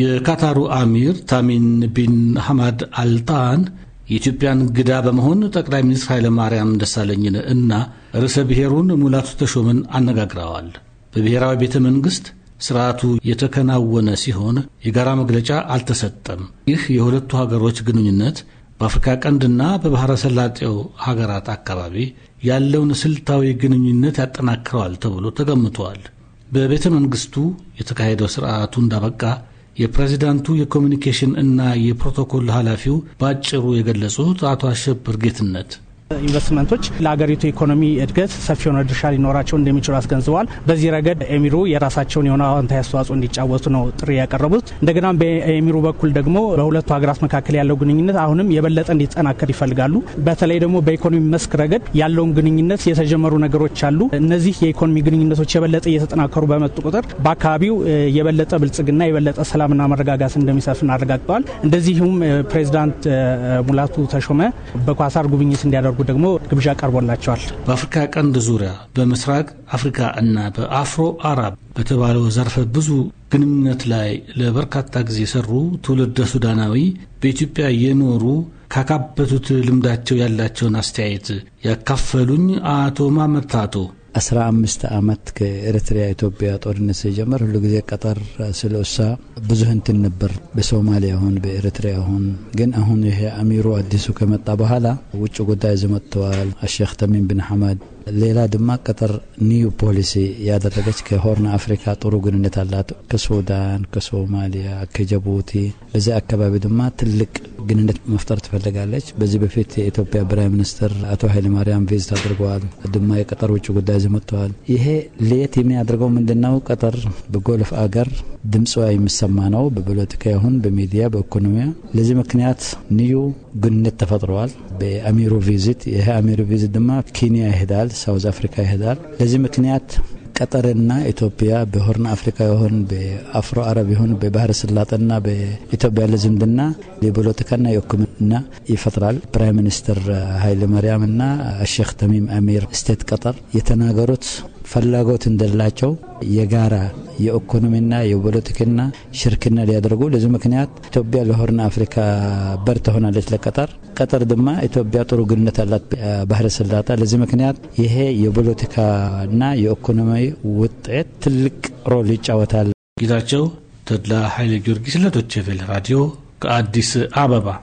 የካታሩ አሚር ታሚን ቢን ሐማድ አልጣን የኢትዮጵያን ግዳ በመሆን ጠቅላይ ሚኒስትር ኃይለ ማርያም ደሳለኝን እና ርዕሰ ብሔሩን ሙላቱ ተሾመን አነጋግረዋል። በብሔራዊ ቤተ መንግሥት ሥርዓቱ የተከናወነ ሲሆን የጋራ መግለጫ አልተሰጠም። ይህ የሁለቱ ሀገሮች ግንኙነት በአፍሪካ ቀንድና በባሕረ ሰላጤው ሀገራት አካባቢ ያለውን ስልታዊ ግንኙነት ያጠናክረዋል ተብሎ ተገምተዋል። በቤተ መንግሥቱ የተካሄደው ሥርዓቱ እንዳበቃ የፕሬዚዳንቱ የኮሚኒኬሽን እና የፕሮቶኮል ኃላፊው በአጭሩ የገለጹት አቶ አሸብር ጌትነት ኢንቨስትመንቶች ለሀገሪቱ ኢኮኖሚ እድገት ሰፊ የሆነ ድርሻ ሊኖራቸው እንደሚችሉ አስገንዝበዋል። በዚህ ረገድ ኤሚሩ የራሳቸውን የሆነ አዎንታዊ አስተዋጽኦ እንዲጫወቱ ነው ጥሪ ያቀረቡት። እንደገና በኤሚሩ በኩል ደግሞ በሁለቱ ሀገራት መካከል ያለው ግንኙነት አሁንም የበለጠ እንዲጠናከር ይፈልጋሉ። በተለይ ደግሞ በኢኮኖሚ መስክ ረገድ ያለውን ግንኙነት የተጀመሩ ነገሮች አሉ። እነዚህ የኢኮኖሚ ግንኙነቶች የበለጠ እየተጠናከሩ በመጡ ቁጥር በአካባቢው የበለጠ ብልጽግና፣ የበለጠ ሰላምና መረጋጋት እንደሚሰፍን አረጋግጠዋል። እንደዚሁም ፕሬዚዳንት ሙላቱ ተሾመ በኳሳር ጉብኝት እንዲያደርጉ እንዲያደርጉ ደግሞ ግብዣ ቀርቦላቸዋል። በአፍሪካ ቀንድ ዙሪያ በምስራቅ አፍሪካ እና በአፍሮ አራብ በተባለው ዘርፈ ብዙ ግንኙነት ላይ ለበርካታ ጊዜ የሰሩ ትውልደ ሱዳናዊ በኢትዮጵያ የኖሩ ካካበቱት ልምዳቸው ያላቸውን አስተያየት ያካፈሉኝ አቶ ማመታቶ አስራ አምስት ዓመት ከኤርትሪያ ኢትዮጵያ ጦርነት ሲጀመር ሁሉ ጊዜ ቀጠር ስለሳ ብዙ ህንትን ነበር። በሶማሊያ አሁን በኤርትሪያ አሁን ግን አሁን ይሄ አሚሩ አዲሱ ከመጣ በኋላ ውጭ ጉዳይ ዝመጥተዋል አሸክ ተሚም ብን ሐማድ ሌላ ድማ ቀጠር ኒዩ ፖሊሲ ያደረገች ከሆርን አፍሪካ ጥሩ ግንኙነት አላት ከሱዳን፣ ከሶማሊያ፣ ከጀቡቲ በዚ አካባቢ ድማ ትልቅ ግንኙነት መፍጠር ትፈልጋለች። በዚህ በፊት የኢትዮጵያ ብራይ ሚኒስትር አቶ ኃይለማርያም ቪዝት አድርገዋል። ድማ የቀጠር ውጭ ጉዳይ መጥተዋል። ይሄ ለየት የሚያደርገው ምንድነው? ቀጠር በጎልፍ አገር ድምፅዋ የሚሰማ ነው። በፖለቲካ ይሁን በሚዲያ በኢኮኖሚያ። ለዚህ ምክንያት ንዩ ግንኙነት ተፈጥረዋል። በአሚሩ ቪዚት ይሄ አሚሩ ቪዚት ድማ ኬንያ ይሄዳል፣ ሳውዝ አፍሪካ ይሄዳል። ለዚህ ምክንያት ቀጠርና ኢትዮጵያ በሆርን አፍሪካ ይሁን በአፍሮ አረብ ይሁን በባህረ ስላጠና በኢትዮጵያ ለዝምድና የፖለቲካና የሕክምና እና ይፈጥራል። ፕራይም ሚኒስትር ኃይለ ማርያም እና ሼክ ተሚም አሚር ስቴት ቀጠር የተናገሩት ፍላጎት እንደላቸው የጋራ የኢኮኖሚና የፖለቲክና ሽርክና ሊያደርጉ ለዚህ ምክንያት ኢትዮጵያ ለሆርን አፍሪካ በር ትሆናለች ለቀጠር ቀጠር ድማ ኢትዮጵያ ጥሩ ግንኙነት አላት ባህረ ሰላጤ ለዚህ ምክንያት ይሄ የፖለቲካና የኢኮኖሚ ውጤት ትልቅ ሮል ይጫወታል ጌታቸው ተድላ ሀይሌ ጊዮርጊስ ለዶቼ ቬለ ራዲዮ ከአዲስ አበባ